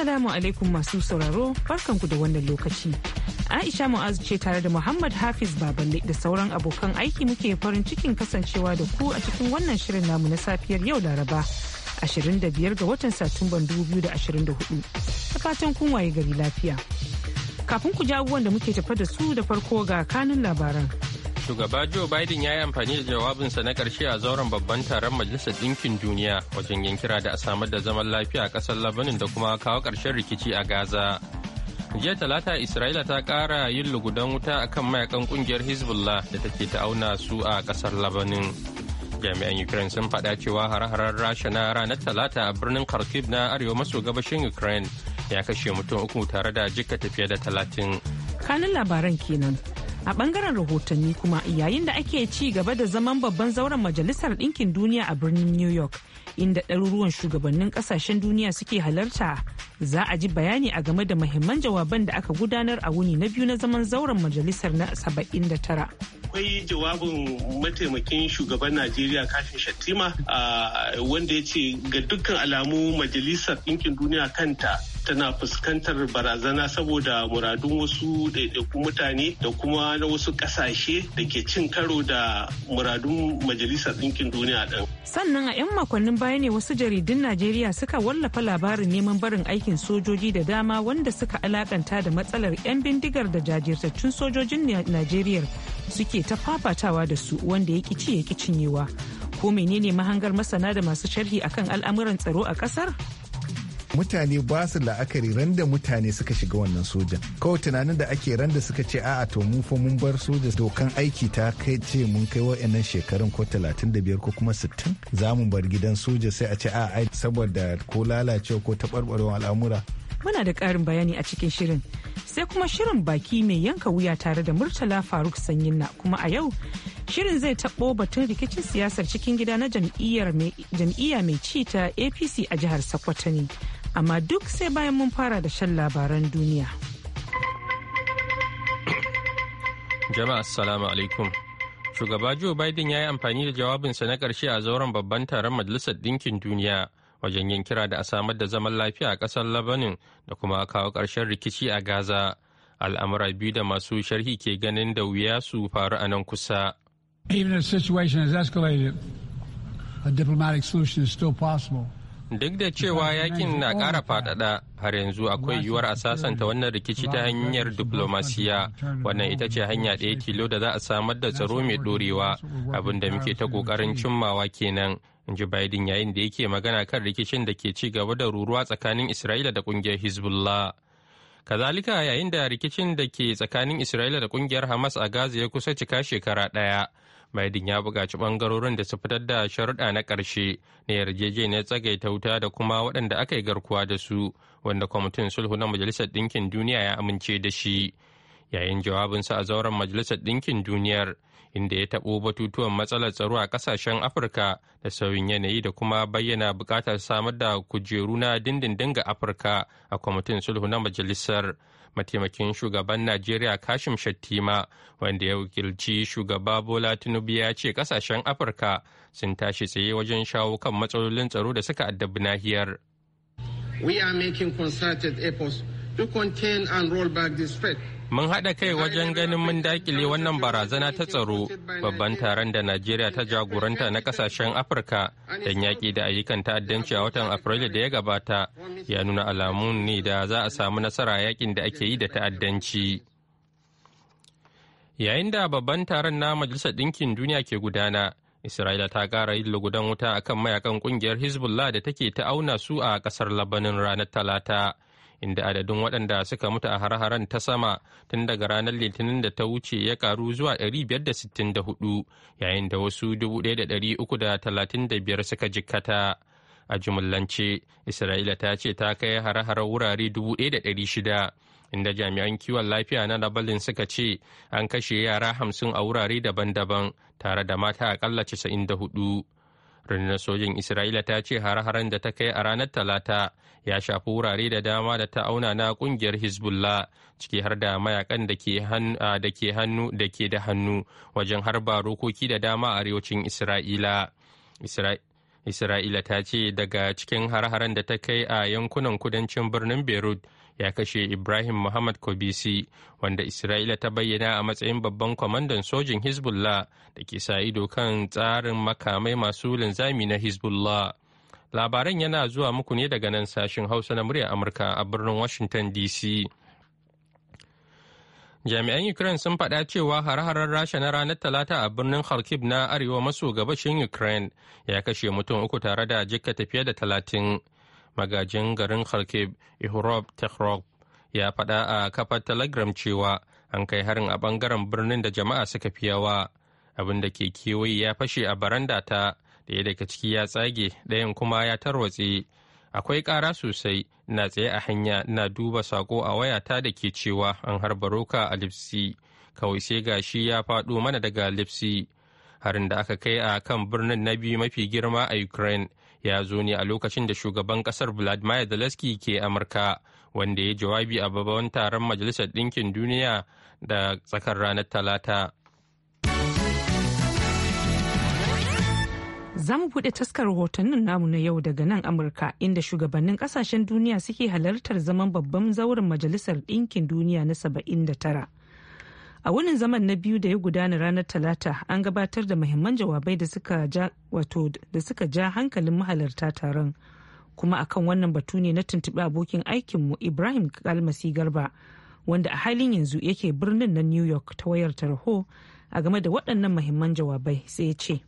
Assalamu alaikum masu sauraro barkanku da wannan lokaci. Aisha Mu'az ce tare da Muhammad Hafiz Baballe da sauran abokan aiki muke farin cikin kasancewa da ku a cikin wannan shirin namu na safiyar yau Laraba 25 ga watan Satumban 2024. Ta fatan kun waye gari lafiya. Kafin ku ji abubuwan da muke tafa da su da farko ga kanun labaran. shugaba Joe Biden ya yi amfani da jawabinsa na ƙarshe a zauren babban taron Majalisar Ɗinkin Duniya wajen yin kira da a samar da zaman lafiya a ƙasar Labanin da kuma kawo ƙarshen rikici a Gaza. Jiya Talata Isra'ila ta ƙara yin lugudan wuta a kan mayakan ƙungiyar Hezbollah da take ta auna su a ƙasar Labanin. Jami'an Ukraine sun faɗa cewa hare-haren Rasha na ranar Talata a birnin Kharkiv na arewa maso gabashin Ukraine ya kashe mutum uku tare da jikka tafiya da talatin. Kanin labaran kenan. a bangaren rahotanni kuma yayin da ake ci gaba da zaman babban zauren majalisar ɗinkin duniya a birnin new york inda ɗaruruwan shugabannin ƙasashen duniya suke halarta za a ji bayani a game da mahimman jawaban da aka gudanar a wuni na biyu na zaman zauren majalisar na 79 akwai jawabin mataimakin shugaban najeriya kafin shattima wanda ya ce ga dukkan alamu majalisar ɗinkin duniya kanta tana fuskantar barazana saboda muradun wasu ɗaiɗaiku mutane da kuma na wasu ƙasashe da ke cin karo da muradun majalisar ɗinkin duniya ɗin. sannan a 'yan makonnin baya ne wasu jaridun najeriya suka wallafa labarin neman barin aikin sojoji da dama wanda suka alakanta da matsalar 'yan bindigar da jajirtattun sojojin najeriya suke ta fafatawa da su wanda ya ci ya cinyewa ko menene mahangar masana da masu sharhi akan al'amuran tsaro a kasar mutane ba su la'akari randa mutane suka shiga wannan sojan kawai tunanin da ake randa suka ce a'a to mun fa mun bar soja dokan aiki ta kai ce mun kai wa'annan shekarun ko 35 ko kuma 60 za mu bar gidan soja sai a ce a'a saboda ko lalacewa ko taɓarɓarewar al'amura muna da ƙarin bayani a cikin shirin sai kuma shirin baki mai yanka wuya tare da murtala faruk sanyin na kuma a yau shirin zai taɓo batun rikicin siyasar cikin gida na jam'iyya mai ci ta apc a jihar sokoto ne amma duk sai bayan mun fara da shan labaran duniya. Jama'a assalamu alaikum. Shugaba Joe Biden ya yi amfani da jawabinsa na ƙarshe a zauren babban taron Majalisar Ɗinkin Duniya wajen yin kira da a samar da zaman lafiya a ƙasar Labanin da kuma kawo ƙarshen rikici a Gaza. Al'amura biyu da masu sharhi ke ganin da wuya su faru a nan kusa. Even if the situation has escalated, a diplomatic solution is still possible. duk da cewa yakin na ƙara faɗaɗa har yanzu akwai yiwuwar a sasanta wannan rikici ta hanyar diplomasiya wannan ita ce hanya ɗaya tilo da za a samar da tsaro mai ɗorewa abin da muke ta kokarin cimmawa kenan in ji biden yayin da yake magana kan rikicin da ke ci gaba da ruruwa tsakanin isra'ila da ƙungiyar hezbollah kazalika yayin da rikicin da ke tsakanin isra'ila da ƙungiyar hamas a gaza ya kusa cika shekara ɗaya Biden ya buƙaci bangarorin da su fitar da sharuɗa na ƙarshe na yarjejeniyar tsagaita wuta da kuma waɗanda aka yi garkuwa da su wanda kwamitin sulhu na Majalisar Ɗinkin Duniya ya amince da shi. Yayin jawabinsa a zauren Majalisar Ɗinkin Duniyar inda ya taɓo batutuwan matsalar tsaro a ƙasashen Afirka da sauyin yanayi da kuma bayyana buƙatar samar da kujeru na dindindin ga Afirka a kwamitin sulhu na Majalisar. mataimakin shugaban najeriya kashim shattima wanda ya wakilci shugaba bola tinubu ya ce kasashen afirka sun tashi tsaye wajen shawo kan matsalolin tsaro da suka addabi nahiyar we are making concerted efforts to contain and roll back this threat Mun haɗa kai wajen ganin mun dakile wannan barazana ta tsaro babban taron da Najeriya ta jagoranta na ƙasashen Afirka don yaƙi da ayyukan ta'addanci a watan Afrilu da ya gabata ya nuna alamun ne da za a samu nasara yakin da ake yi da ta'addanci. Yayin da babban taron na Majalisar Ɗinkin Duniya ke gudana, Isra'ila ta ƙara yin lugudan wuta akan mayakan ƙungiyar Hezbollah da take ta auna su a ƙasar Labanin ranar Talata. inda adadin waɗanda suka mutu a har-haren ta sama tun daga ranar litinin da ta wuce ya karu zuwa 564 yayin da wasu 1,335 suka jikkata a jumillance isra'ila ta ce ta kai har-haren wurare 1,600 inda jami'an kiwon lafiya na labalin suka ce an kashe yara hamsin a wurare daban-daban tare da mata akalla 94 rundunar sojin isra'ila ta ce har-haren da ta kai a ranar talata ya shafi wurare da dama da ta auna na kungiyar hezbollah ciki har da mayakan da ke hannu da ke da hannu wajen harba rokoki da dama a arewacin isra'ila isra'ila ta ce daga cikin har-haren da ta kai a yankunan kudancin birnin beirut ya kashe Ibrahim Muhammad Kobisi wanda Isra'ila ta bayyana a matsayin babban kwamandan sojin Hezbollah da ke sa ido kan tsarin makamai masu linzami na Hezbollah. Labaran yana zuwa muku ne daga nan sashen Hausa na murya Amurka a birnin Washington DC. Jami'an Ukraine sun faɗa cewa har-harar Rasha na ranar Talata a birnin Kharkiv na arewa maso gabashin Ukraine ya kashe mutum uku tare da jikkata fiye da talatin. magajin garin kharkiv ihrob tekhrov ya faɗa a kafar telegram cewa an kai harin a bangaren birnin da jama'a suka fi yawa abin da ke kewaye ya fashe a baranda ta ɗaya daga ciki ya tsage ɗayan kuma ya tarwatse akwai ƙara sosai na tsaye a hanya na duba sako a wayata da ke cewa an harba roka a lipsi kawai sai gashi ya faɗo mana daga lipsi harin da aka kai a kan birnin na biyu mafi girma a ukraine ya zo ne a lokacin da shugaban kasar vladimir zelensky ke amurka wanda ya jawabi a babban taron majalisar ɗinkin duniya da tsakar ranar talata za mu buɗe taskar rahotannin namu na yau daga nan amurka inda shugabannin ƙasashen duniya suke halartar zaman babban zauren majalisar ɗinkin duniya na 79 a wannan zaman na biyu da ya gudana ranar talata an gabatar da mahimman jawabai da suka ja hankalin mahalarta taron kuma akan wannan batu ne na tuntuɓi abokin aikinmu ibrahim kalmasi garba wanda a halin yanzu yake birnin na new york ta wayar tarho a game da waɗannan mahimman jawabai sai ya ce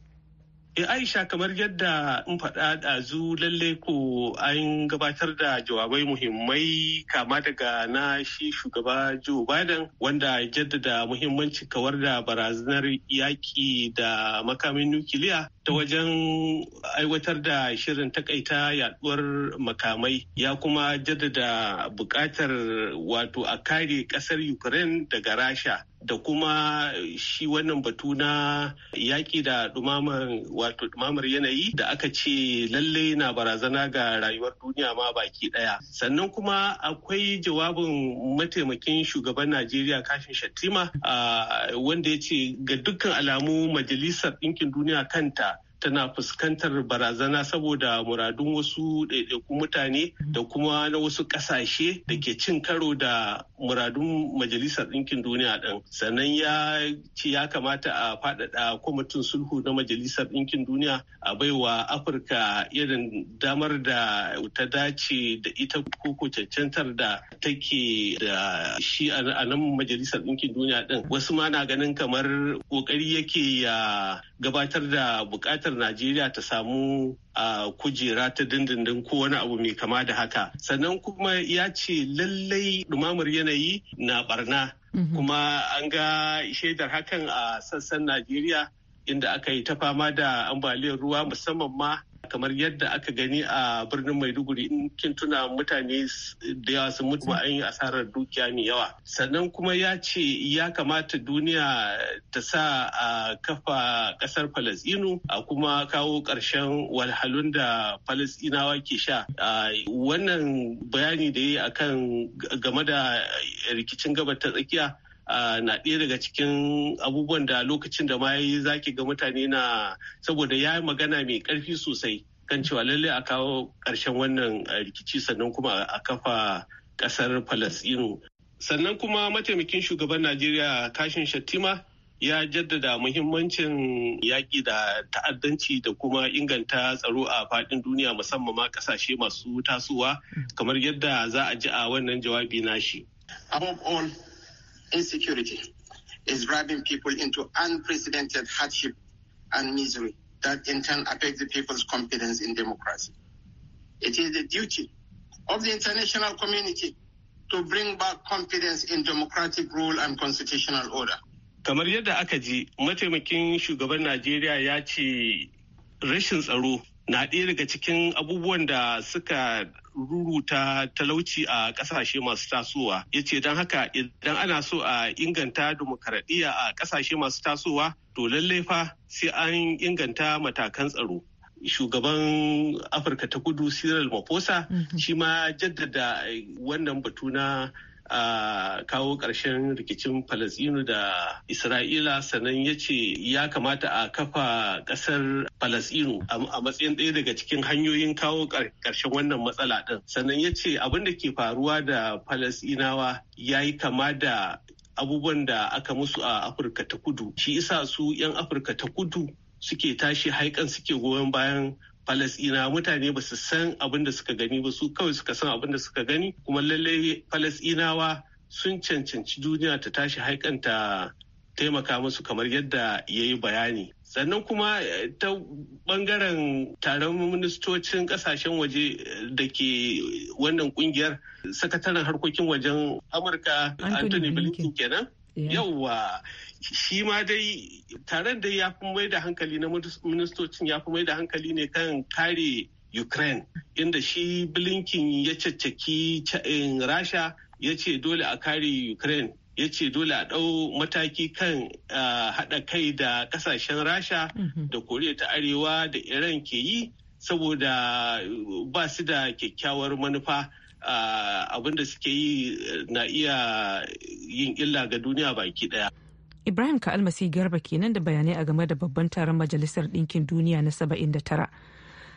E Aisha kamar yadda in faɗa ɗazu lalle ko an gabatar da jawabai muhimmai kama daga na shi shugaba Joe Biden wanda jaddada muhimmanci kawar da barazanar yaƙi da makamin nukiliya ta wajen aiwatar da shirin takaita yaduwar makamai ya kuma jaddada buƙatar wato a kare ƙasar Ukraine daga Rasha da kuma shi wannan batu na yaƙi da dumamar ɗumamar yanayi da aka ce lalle na barazana ga rayuwar duniya ma baki ɗaya sannan kuma akwai jawabin mataimakin shugaban najeriya kashin shattima wanda ya ce ga dukkan alamu majalisar ɗinkin duniya kanta tana fuskantar barazana saboda muradun wasu ɗaiɗaiku mutane da kuma na wasu ƙasashe da ke cin karo da muradun majalisar ɗinkin duniya ɗin sannan ya ce ya kamata a faɗaɗa kwamitin sulhu na majalisar ɗinkin duniya a baiwa afirka irin damar da ta dace da ita koko cancantar da take da shi a nan majalisar ɗinkin duniya ɗin wasu ma na ganin kamar ƙoƙari yake ya gabatar da bukatar Najeriya ta samu a kujera ta dindindin ko wani abu mai kama da haka. Sannan kuma ya ce lallai dumamar yanayi na barna mhm. kuma an ga shaidar hakan a sassan Najeriya inda aka yi ta fama da ambaliyar ruwa musamman ma kamar yadda aka gani a birnin maiduguri in kin tuna mutane da yawa sun mutu an yi asarar dukiya mai yawa sannan kuma ya ce ya kamata duniya ta sa a kafa kasar falastinu a kuma kawo ƙarshen walhalun da falastinawa ke sha wannan bayani da yi akan game da rikicin gabar ta tsakiya na ɗaya daga cikin abubuwan da lokacin da ma yi zaki ga mutane na saboda ya yi magana mai ƙarfi sosai kan cewa lalle a kawo ƙarshen wannan rikici sannan kuma a kafa ƙasar Falasɗinu. Sannan kuma mataimakin shugaban Najeriya Kashin Shattima ya jaddada muhimmancin yaƙi da ta'addanci da kuma inganta tsaro a faɗin duniya musamman ma ƙasashe masu tasowa mm. kamar yadda za a ji a wannan jawabi nashi. Above all, insecurity is driving people into unprecedented hardship and misery that in turn affects the people's confidence in democracy. It is the duty of the international community to bring back confidence in democratic rule and constitutional order. Kamar yadda aka ji mataimakin shugaban Najeriya ya ce rashin tsaro na ɗaya daga cikin abubuwan da suka ruruta talauci a kasashe masu tasowa ya ce don haka idan ana so a inganta dimokuraɗiyya a kasashe masu tasowa to lallai fa sai an inganta matakan tsaro shugaban afirka ta kudu cyril maposa mhm. shi ma jaddada wannan batu na a kawo ƙarshen rikicin Falasɗinu da Isra'ila sannan ya ce ya kamata a kafa ƙasar Falasɗinu a matsayin ɗaya daga cikin hanyoyin kawo ƙarshen wannan matsala ɗin. Sannan ya ce abin da ke faruwa da Falasɗinawa ya yi kama da abubuwan da aka musu a Afirka ta kudu. Shi isa su 'yan Afirka ta kudu suke tashi haikan suke goyon bayan falasina mutane ba su san abin da suka gani ba su kawai suka san abin da suka gani kuma lallai falasinawa sun cancanci duniya ta tashi haikanta taimaka musu kamar yadda ya yi bayani sannan kuma eh, ta bangaren taron ministocin kasashen waje eh, da ke wannan kungiyar sakataren harkokin wajen amurka anthony blinken kenan yauwa shi ma dai taron dai ya fi mai da hankali na ministocin ya fi mai da hankali ne kan kare ukraine inda shi blinken ya caccaki eh, rasha ya ce dole a kare ukraine ya ce dole a ɗau mataki kan ah, haɗa kai da ƙasashen rasha mm-hmm. da koriya ta arewa da iran ke yi saboda ba su da kyakkyawar manufa abin da suke yi eh, na iya yin illa ga duniya baki daya. Ibrahim Ka'almasi Garba kenan da bayanai a game da babban taron Majalisar Ɗinkin Duniya na 79.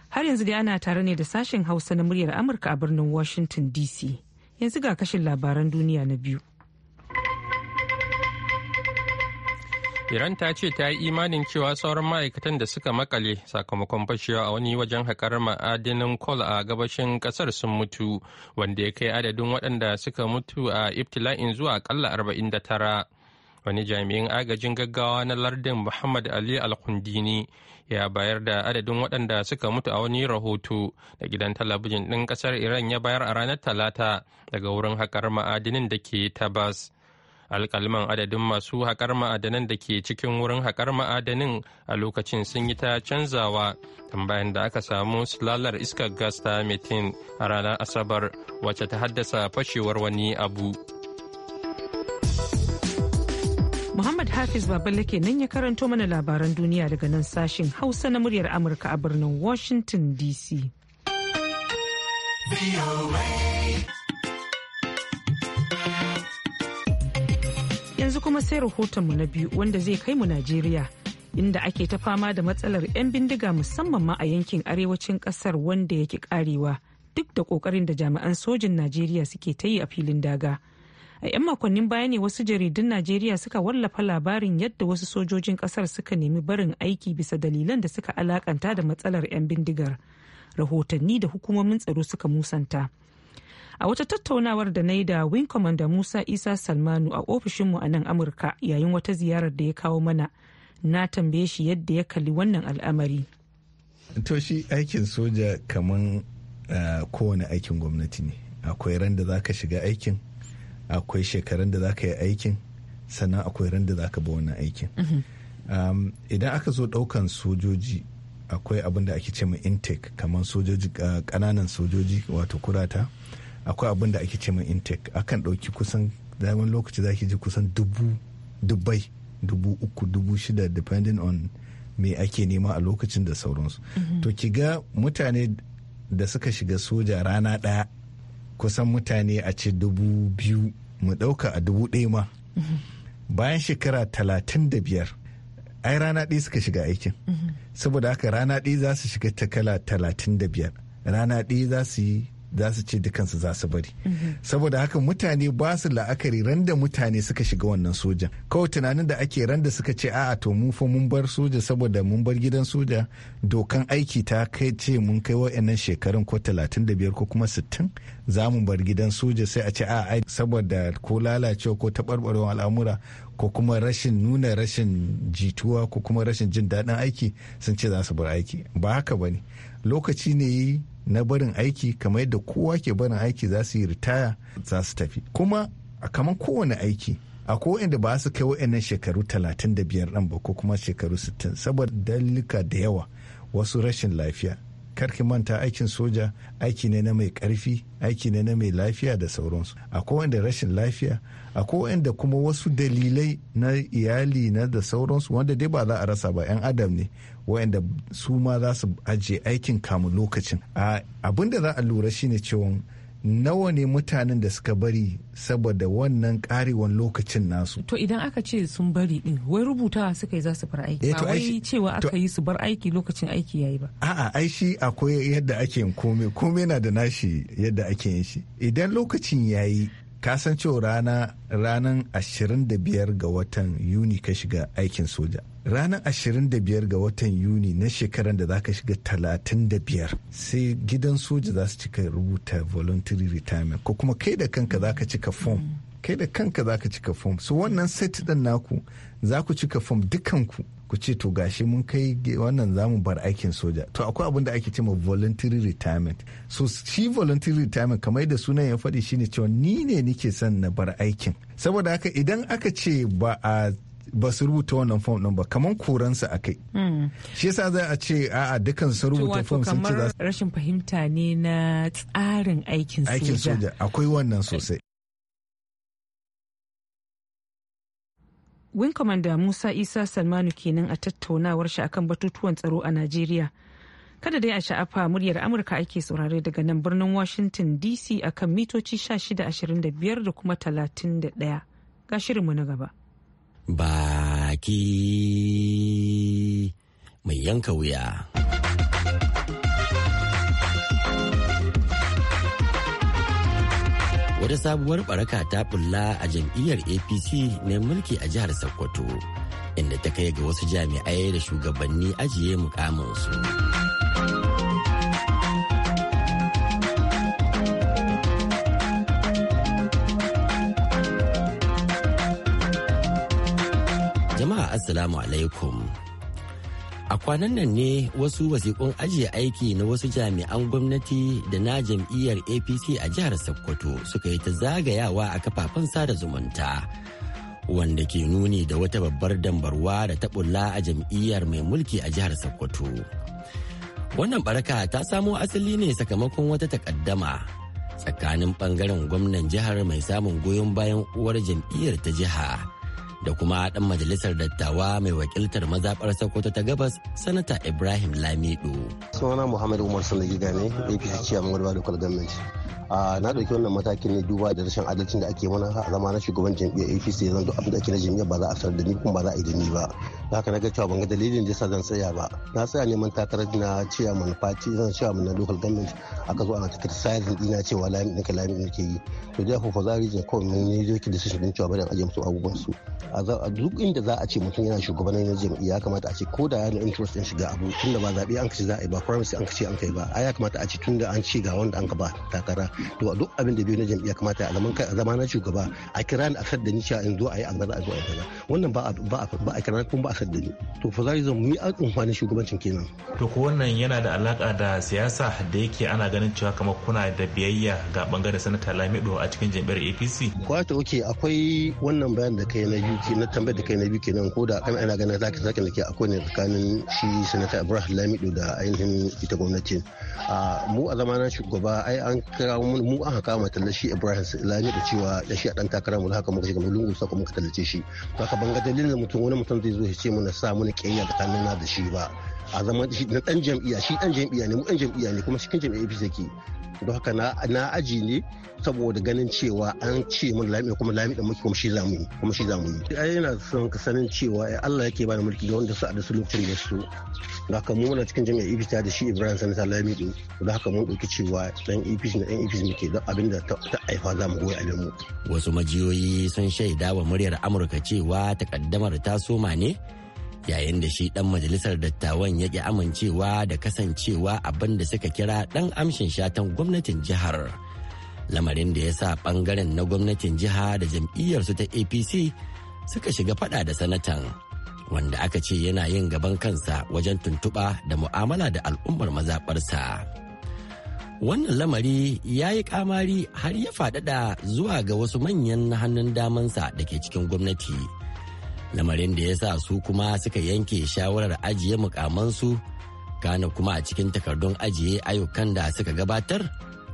Har yanzu dai ana tare ne da sashen Hausa na muryar Amurka a birnin Washington DC. Yanzu ga kashin labaran duniya na biyu. Iran ta ce ta yi imanin cewa sauran ma'aikatan da suka makale sakamakon fashewa a wani wajen haƙar ma'adinin kol a gabashin ƙasar sun mutu wanda ya kai adadin waɗanda suka mutu a ibtila'in zuwa aƙalla tara Wani jami'in agajin gaggawa na lardin Muhammad Ali Alkundini ya bayar da adadin waɗanda suka mutu a wani rahoto da gidan talabijin ɗin ƙasar Iran ya bayar a ranar Talata daga wurin haƙar ma'adinin da ke Tabas. alkalman adadin masu haƙar ma'adanan da ke cikin wurin haƙar ma'adanin a lokacin sun yi ta canzawa tambayan da aka samu silalar iskar gas ta metin a ranar asabar wacce ta haddasa fashewar wani abu muhammad hafiz baballe nan ya karanto mana labaran duniya daga nan sashin hausa na muryar amurka a birnin washington dc yanzu kuma sai rahotonmu na biyu wanda zai kai mu najeriya inda ake ta fama da matsalar 'yan bindiga musamman ma a yankin arewacin kasar wanda yake karewa duk da kokarin da jami'an sojin najeriya suke ta yi a filin daga a 'yan makonnin baya ne wasu jaridun najeriya suka wallafa labarin yadda wasu sojojin kasar suka nemi barin aiki bisa dalilan da suka alakanta da matsalar 'yan bindigar rahotanni da hukumomin tsaro suka musanta. a wata tattaunawar da na yi da wing commander musa isa salmanu a ofishinmu a nan amurka yayin wata ziyarar da ya kawo mana na tambaye shi yadda ya kalli wannan al'amari to shi aikin soja kaman eh, kowane aikin gwamnati ne akwai ran da za ka shiga aikin akwai shekaran da za ka yi aikin sannan akwai ran da za ka wannan aikin mhm. idan aka zo ɗaukan sojoji akwai abin da ake ce ma intake kamar sojoji kananan eh, sojoji wato kurata akwai abin da ake ce mai intake akan ɗauki kusan daman lokaci za ki ji kusan dubu dubbai dubu uku dubu shida depending on me ake nema a lokacin da sauransu mhm. to ki ga mutane da suka shiga soja rana ɗaya kusan mutane a ce dubu biyu mu ɗauka a dubu ɗaya ma mhm. bayan shekara talatin da biyar ai rana ɗaya suka shiga aikin mhm. saboda haka rana ɗaya za su shiga takala talatin da biyar rana ɗaya za su yi za su ce dukansu za su bari mhm. saboda haka mutane ba su la'akari randa mutane suka shiga wannan soja kawai tunanin da ake randa suka ce a'a to mun fa mun bar soja saboda mun bar gidan soja dokan aiki ta kai ce mun kai wa'annan shekarun ko 35 ko kuma sittin za mu bar gidan soja sai a ce a'a saboda ko lalacewa ko taɓarɓarewar al'amura ko kuma rashin nuna rashin jituwa ko kuma rashin jin daɗin aiki sun ce za su bar aiki ba haka ba ne lokaci ne na barin aiki kamar yadda kowa ke barin aiki za su yi ritaya za su tafi kuma a kamar kowane aiki akwai waɗanda ba su kai wa'annan shekaru 35 ɗin ba ko kuma shekaru 60 saboda dalilika da yawa wasu rashin lafiya karki manta aikin soja aiki ne na mai karfi aiki ne na mai lafiya da sauransu akwai wanda rashin lafiya akwai wanda kuma wasu dalilai na iyali na da sauransu wanda dai ba za a rasa ba yan adam ne wayanda su ma za su ajiye aikin kamun lokacin abin da za a lura shine cewa nawa ne mutanen da suka bari saboda wannan karewan lokacin nasu to idan aka ce sun bari din wai rubutawa suka yi za su bar aiki eh, ba wai cewa aka yi su bar aiki lokacin aiki yayi ba a'a ai shi akwai yadda ake yin komai komai na da nashi yadda ake yin shi idan lokacin yayi ka san cewa rana ranar 25 ga watan yuni ka shiga aikin soja ranar 25 ga watan yuni na shekarar da za ka shiga 35 sai gidan soja za su cika rubuta voluntary retirement ko kuma kai da kanka za ka cika form mm. kai da kanka za ka cika form su wannan set din naku za ku cika form dukanku ku ce to gashi mun kai wannan zamu bar aikin soja to akwai abin da ake cewa voluntary retirement so shi voluntary retirement kamar yadda sunan ya faɗi shine cewa ni ne nike son na bar aikin saboda haka idan aka ce ba a ba su rubuta wannan fom din ba kamar kuransa a kai hmm. shi yasa za a ce a'a dukkan su rubuta fom sun ce za rashin fahimta ne na tsarin aikin soja akwai wannan sosai Wing Commander Musa Isa Salmanu kenan a tattaunawar shi akan batutuwan tsaro a Najeriya. Kada dai a sha'afa muryar Amurka ake saurare daga nan birnin Washington DC akan mitoci 1625 da kuma 31. Ga shirinmu na gaba. Baki mai yanka wuya. wata sabuwar baraka ta bulla a jam'iyyar apc mai mulki a jihar sokoto inda ta kai ga wasu jami'ai da shugabanni ajiye mukaminsu. jama'a assalamu alaikum a kwanan nan ne wasu wasiƙun ajiye aiki na wasu jami'an gwamnati da na jam'iyyar apc a jihar sokoto suka yi ta zagayawa a kafafen sada zumunta wanda ke nuni da wata babbar dambarwa da ta bulla a jam'iyyar mai mulki a jihar sokoto wannan baraka ta samo asali ne sakamakon wata takaddama tsakanin ɓangaren gwamnan jihar mai samun goyon bayan uwar jam'iyyar ta jiha da kuma ɗan majalisar dattawa mai wakiltar mazaɓar Sokoto ta gabas sanata Ibrahim Lamido. Sunana Muhammad Umar Sandagi Gane, APC Chairman Gwalba Local na ɗauki wannan matakin ne duba da rashin adalcin da ake mana a zama na shugaban jam'iyyar apc zan duk abin da ake na jam'iyyar ba za a sanar da ni kuma ba za a yi da ni ba da haka na ga cewa ban ga dalilin da yasa zan tsaya ba na tsaya neman takarar na chairman fati zan chairman na local government aka zo ana tattara sayar dina cewa lami ɗinka lami ke yi to da fa za a ko kawai ne yi doki da sashen cewa bari ajiye su abubuwan su a duk inda za a ce mutum yana shugaban na jam'iyya ya kamata a ce ko da yana interest din shiga abu tunda ba zaɓe an kace za a yi ba promise an kace an kai ba a ya kamata a ce tunda an ci ga wanda an ka ba takara to duk abin da biyu na jam'iyya kamata a zaman zama na shugaba a kira ni a sadda ni cewa in zo a yi an zo a yi kaza wannan ba a kira kuma ba a sadda ni to fa zai zama mi amfanin shugabancin kenan. to ko wannan yana da alaka da siyasa da yake ana ganin cewa kamar kuna da biyayya ga bangaren sanata lamido a cikin jam'iyyar apc. kwata oke akwai wannan bayan da kai na biyu na tambayar da kai na biyu kenan ko da kan ana ganin zaki zaki nake akwai ne tsakanin shi sanata ibrahim lamido da ainihin ita gwamnati ah, mu a zamanin shugaba ai an kira kuma mu aka kama tallashi Ibrahim Lami da cewa da shi a dan takara mu haka muka shiga lungu sako muka tallace shi haka ban ga dalilin mutum wani mutum zai zo ya ce mana sa kiyaye da kanin na da shi ba a zaman shi na dan jam'iyya shi dan jam'iyya ne mu dan jam'iyya ne kuma cikin jam'iyya bi zaki don haka na aji ne saboda ganin cewa an ce mun lami kuma lami da muke kuma shi zamu yi kuma shi zamu yi ai yana son ka sanin cewa Allah yake bani mulki ga wanda su da su lokacin da su don haka mu muna cikin jami'a ibita da shi Ibrahim Sanata Lami don haka mun dauki cewa dan ibis na dan APC ofis muke don abin da ta haifa za mu goyi abin mu. Wasu majiyoyi sun shaida wa muryar Amurka cewa takaddamar ta soma ne yayin da shi ɗan majalisar dattawan ya ki amincewa da kasancewa abin da suka kira ɗan amshin shatan gwamnatin jihar. Lamarin da ya sa ɓangaren na gwamnatin jiha da jam'iyyarsu ta APC suka shiga faɗa da sanatan wanda aka ce yana yin gaban kansa wajen tuntuɓa da mu'amala da al'ummar mazaɓarsa. Wannan lamari ya yi kamari har ya faɗaɗa zuwa ga wasu manyan hannun damansa da ke cikin gwamnati. Lamarin da ya sa su kuma suka yanke shawarar ajiye mukamansu gane kuma a cikin takardun ajiye ayyukan da suka gabatar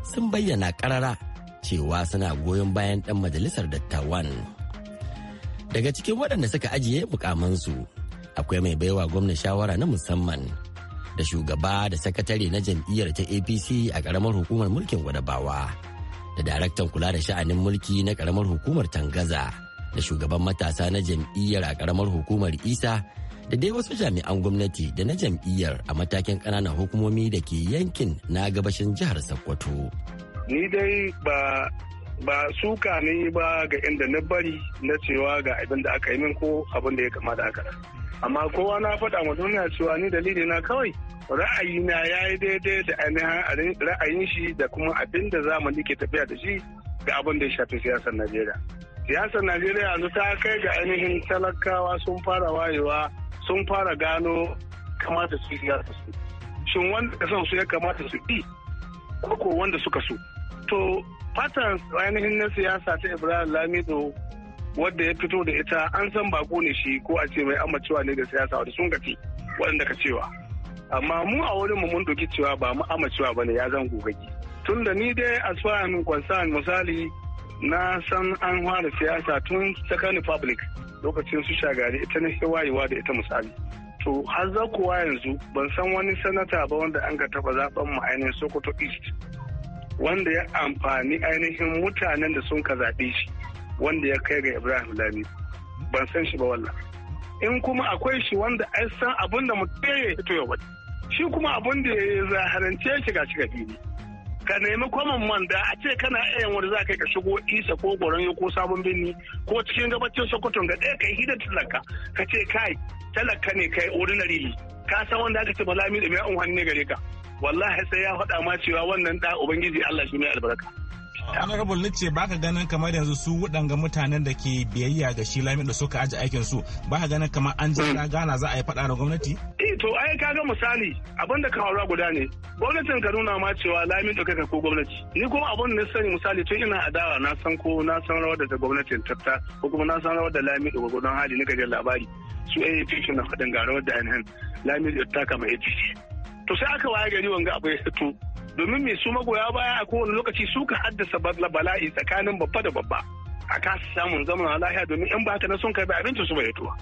sun bayyana karara cewa suna goyon bayan ɗan majalisar dattawan. Daga cikin waɗanda suka ajiye mukamansu akwai mai baiwa gwamna shawara na musamman da shugaba da sakatare na jam'iyyar ta apc a karamar hukumar mulkin gwadabawa da daraktan kula da sha'anin mulki na karamar hukumar tangaza da shugaban matasa na jam'iyyar a karamar hukumar isa da dai wasu jami'an gwamnati da na jam'iyyar a matakin ƙananan hukumomi da ke yankin na gabashin jihar sokoto ni dai ba ba suka ne ba ga inda na bari na cewa ga abin da aka yi min ko abin da ya kama da aka amma kowa na faɗa ma duniya cewa ni dalili na kawai ra'ayina ya yi daidai da ainihin ra'ayin shi da kuma abin da zamani ke tafiya da shi ga abin da ya shafi siyasar najeriya siyasar najeriya yanzu ta kai ga ainihin talakawa sun fara wayewa sun fara gano kamata su siyasa su shin wanda son su ya kamata su bi ko wanda suka so to fatan ainihin na siyasa ta ibrahim lamido wadda ya fito da ita an san bako ne shi ko a ce mai amacewa ne da siyasa wadda sun gaci waɗanda ka cewa amma mu a wurin mu mun doki cewa ba mu amacewa ba ne ya zan goge tun da ni dai as far concern misali na san an fara siyasa tun second public lokacin su shagari ita ne wayewa da ita misali to har za kuwa yanzu ban san wani sanata ba wanda an ka taba zaben mu ainihin sokoto east wanda ya amfani ainihin mutanen da sun ka zaɓe shi wanda ya kai ga ibrahim lami ban san shi ba wallah in kuma akwai shi wanda ai san abin da mutaye ya fito shi kuma abun da ya zaharance shi ga shiga fili ka nemi common man da a ce kana ayan wanda za ka ka shigo isa ko goron ko sabon birni ko cikin gabacin sokoton ga ɗaya kai hidar talaka ka ce kai talaka ne kai ordinary ne ka san wanda aka ce balami da mai an hannu gare ka wallahi sai ya faɗa ma cewa wannan da ubangiji Allah shi ne albarka honorable ni ce baka ganin kamar yanzu su waɗanga mutanen da ke biyayya ga shi lami da suka aji aikin su baka ganin kamar an je gana za a yi faɗa da gwamnati eh to ai kaga misali abin da kan aura guda ne gwamnatin ka nuna ma cewa lami da kaka ko gwamnati ni kuma abin da na sani misali tun ina adawa na san ko na san rawar da gwamnatin tatta ko kuma na san rawar da lami da gwamnatin hali na gajin labari su AAPC na faɗin ga rawar da ainihin lami da taka mai APC to sai aka waye gari wanga abu ya fito domin me su magoya baya a kowane lokaci suka haddasa bala'i tsakanin babba da babba a kasa samun zaman lahiya domin in ba na sun karbi abinci su bai tuwa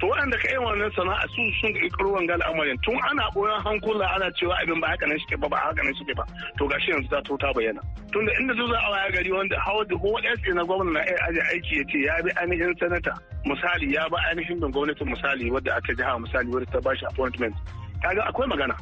to waɗanda ka yi wannan sana'a su sun kirkiro wangal amarin tun ana ɓoyan hankula ana cewa abin ba haka nan shi ba ba haka nan shi ba to gashi yanzu ta ta bayyana tunda inda zuwa a waya gari wanda how the whole SA na gwamnati na aje aiki ya ce ya bi ainihin sanata misali ya ba ainihin gwamnatin misali wadda aka jiha misali wadda ta bashi appointment ga akwai magana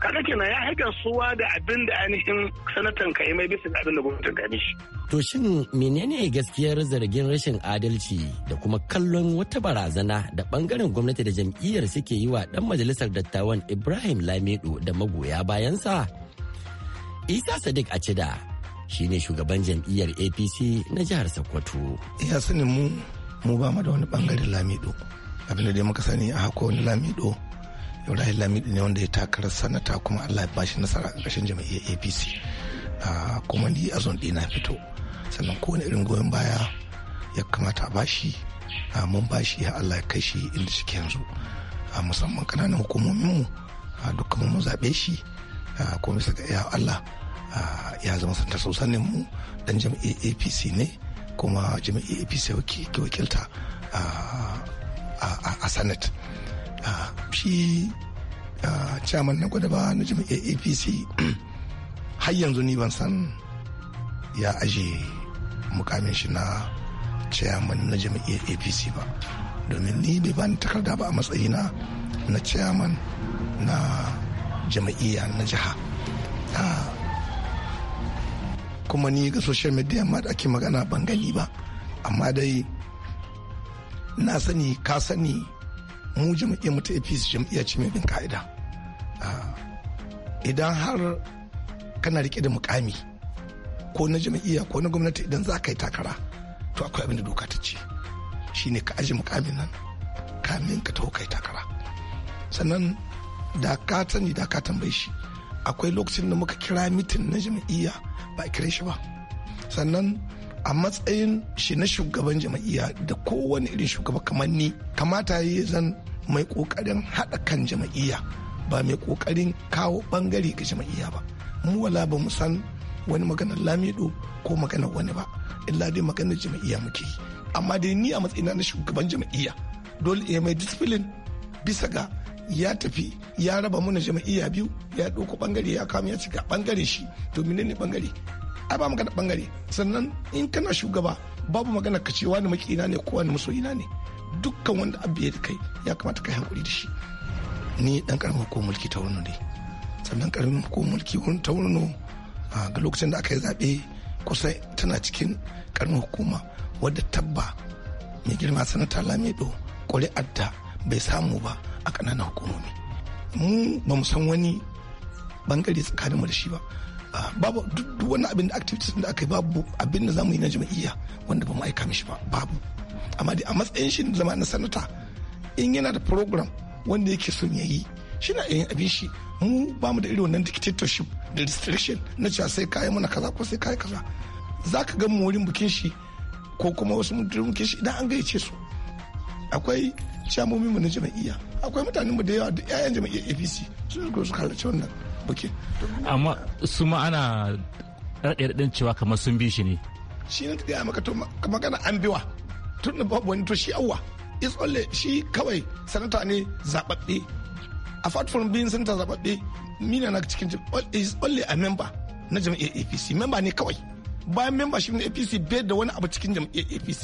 kaga kenan ya haƙa suwa da abin da ainihin sanatan ka yi mai bisa abin da gwamnatin ka mishi. To shin menene gaskiyar zargin rashin adalci da kuma kallon wata barazana da bangaren gwamnati da jam'iyyar suke yi wa dan majalisar dattawan Ibrahim Lamido da magoya bayansa? Isa Sadiq a Acida shi ne shugaban jam'iyyar APC na jihar Sokoto. Ya sanin mu mu ba mu da wani bangaren Lamido. Abin da dai muka sani a hako wani Lamido ibrahim lamidu ne wanda ya takarar sanata kuma allah ya bashi nasara a ƙarshen jam'iyyar apc ah, kuma ni a zon na fito sannan kowane irin goyon baya ya kamata a bashi ah, mun bashi ya allah ya kai shi inda shi yanzu ah, musamman ƙananan hukumominmu dukkan mu zaɓe shi kuma bisa ga ya allah ya zama santa sosanin mu dan jam'iyyar apc ne kuma jam'iyyar apc wakilta a senate shi ah, chairman na gwada ba na jam'iyyar apc har yanzu ni ban san ya aje mukamin shi na chairman na jam'iyyar apc ba domin ni bai bani takarda ba a matsayina na chairman na jami'a na jiha ah, kuma ni ga social media ma da ake magana ban gani ba amma dai na sani ka sani mu jam'iyyar mu ta apc jam'iyya ce mai bin ka'ida ah, idan har kana rike da mukami ko na jam'iyya ko na gwamnati idan za ka yi takara to akwai abin da doka ta ce shine ka aji mukamin nan kamin ka taho kai takara sannan da ka sani da ka tambaye shi akwai lokacin da muka kira mitin na jam'iyya ba a kire shi ba sannan a matsayin shi na shugaban jama'iyya da kowane irin shugaba kamar ni kamata ya zan mai kokarin haɗa kan jama'iyya ba mai kokarin kawo bangare ga jama'iyya ba mu wala ba mu san wani maganar lamido ko maganar wani ba illa dai maganar jama'iyya muke yi amma dai ni a matsayina na shugaban jama'iyya dole ya mai discipline bisa ga ya tafi ya raba mana jama'iyya biyu ya ɗauko bangare ya kama ya cika bangare shi to ne bangare ai ba magana bangare sannan in kana shugaba babu magana ka ce wani makina ne ko wani masoyina ne dukkan wanda abu da kai ya kamata ka hakuri da shi ni dan karamin hukumar mulki ta wurno ne sannan karamin hukumar mulki ta wurno ga lokacin da aka yi zaɓe kusan tana cikin karamin hukuma wadda tabba mai girma sanata lamido ƙuri'ar da bai samu ba a ƙananan hukumomi mu ba san wani bangare tsakaninmu da shi ba babu duk wani abin da activities da aka yi babu abin da zamu yi na jam'iyya wanda ba mu aika mishi ba babu amma dai a matsayin shi zama na sanata in yana da program wanda yake son ya yi shi na yin abin shi mu ba mu da irin wannan dictatorship da restriction na cewa sai kayan muna kaza ko sai kayi kaza za ka ga mu wurin bikin shi ko kuma wasu mutum bikin shi idan an gayyace su akwai shamomin mu na jam'iyya akwai mutanen mu da yawa da 'ya'yan jamia apc sun zo su halarci wannan ok amma su ma ana raɗe-raɗen cewa kamar sun bi shi ne shi na tafiya maka to magana an biwa tun da babu wani to shi awwa is only shi kawai sanata ne zababbe apart from being sanata zababbe mina na cikin is only a member na jam'iyyar APC member ne kawai bayan membership na APC bai da wani abu cikin jam'iyyar APC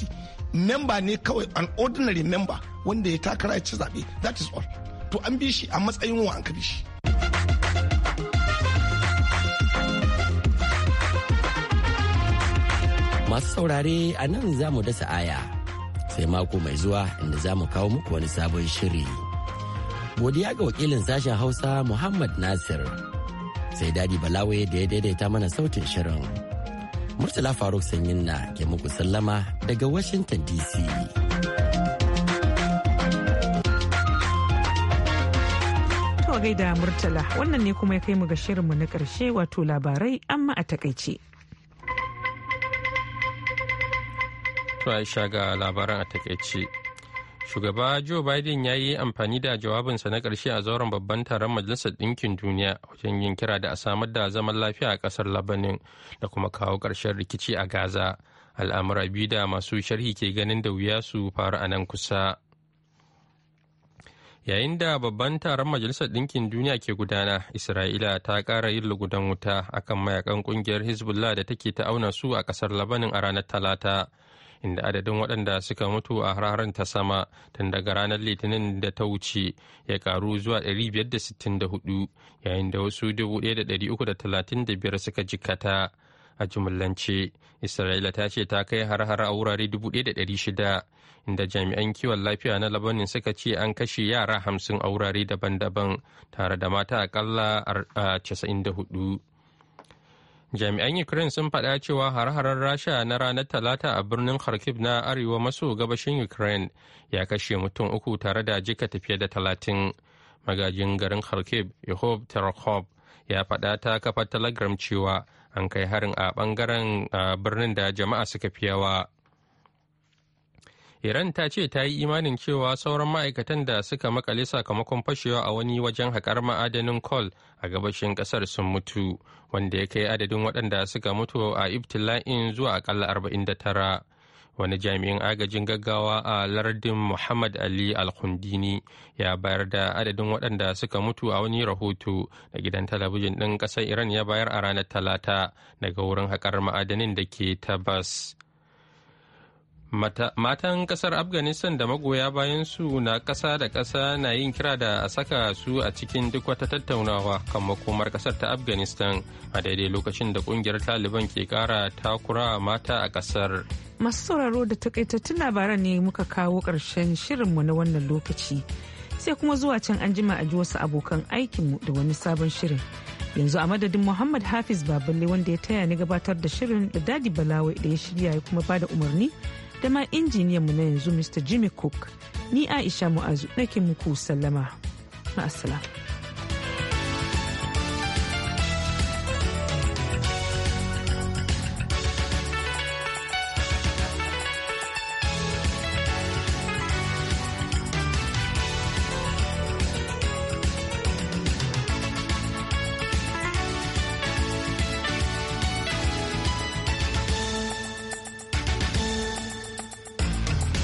member ne kawai an ordinary member wanda ya takara ya ci zaɓe that is all to an bi shi a matsayin wa an ka bi shi masu saurare a nan za mu dasa aya sai mako mai zuwa inda za mu kawo muku wani sabon shiri godiya ga wakilin sashen hausa muhammad nasir sai dadi balawai da ya daidaita mana sautin shirin murtala faruk sanyin na ke muku sallama daga washington dc gaida murtala wannan ne kuma ya kai mu ga shirinmu na ƙarshe wato labarai amma a takaice. To sha ga labaran a takaice. Shugaba Joe Biden ya yi amfani da jawabinsa na ƙarshe a zauren babban taron Majalisar Ɗinkin Duniya wajen yin kira da a samar da zaman lafiya a ƙasar Labanin da kuma kawo ƙarshen rikici a Gaza. Al'amura biyu da masu sharhi ke ganin da wuya su faru a nan kusa. Yayin da babban taron Majalisar Ɗinkin Duniya ke gudana, Isra'ila ta ƙara yin lugudan wuta akan mayakan ƙungiyar Hezbollah da take ta auna su a ƙasar Labanin a ranar Talata. inda adadin waɗanda suka mutu a hararen ta sama tun daga ranar litinin da ta wuce ya karu zuwa 564 yayin da wasu 1,335 suka jikata a jumlance isra'ila ta ce ta kai har-har a wurare 1,600 inda jami'an kiwon lafiya na labanin suka ce an kashe yara hamsin a wurare daban-daban tare da mata akalla 94 jami'an ukraine sun faɗa cewa har-harar rasha na ranar talata a birnin kharkiv na arewa maso gabashin ukraine ya kashe mutum uku tare da jika tafiye da talatin magajin garin kharkiv iho terkhov ya faɗa ta kafa telegram cewa an kai harin a ɓangaren birnin da jama'a suka fi yawa Iran ta ce ta yi imanin cewa sauran ma'aikatan da suka makale sakamakon fashewa a wani wajen haƙar ma'adanin kol a gabashin ƙasar sun mutu, wanda ya kai adadin waɗanda suka mutu a ibtila'in zuwa aƙalla tara Wani jami'in agajin gaggawa a lardin Muhammad Ali Alkundini ya bayar da adadin waɗanda suka mutu a wani rahoto da gidan talabijin ɗin ƙasar Iran ya bayar a ranar Talata daga wurin haƙar ma'adanin da ke Tabas. Matan kasar Afghanistan da magoya bayan su na kasa da kasa na yin kira da a saka su a cikin duk wata tattaunawa kan makomar kasar ta Afghanistan a daidai lokacin da kungiyar Taliban ke ƙara takura mata a kasar. Masu sauraro da takaitattun labaran ne muka kawo ƙarshen shirinmu na wannan lokaci. Sai kuma zuwa can an jima a ji wasu abokan aikinmu da wani sabon shirin. yanzu a madadin muhammad hafiz baballe wanda ya taya ni gabatar da shirin da dadi balawai da ya shirya ya kuma bada umarni da ma mu na yanzu Mr. Jimmy Cook, ni Aisha Mu'azu nake muku sallama. Ma'asala.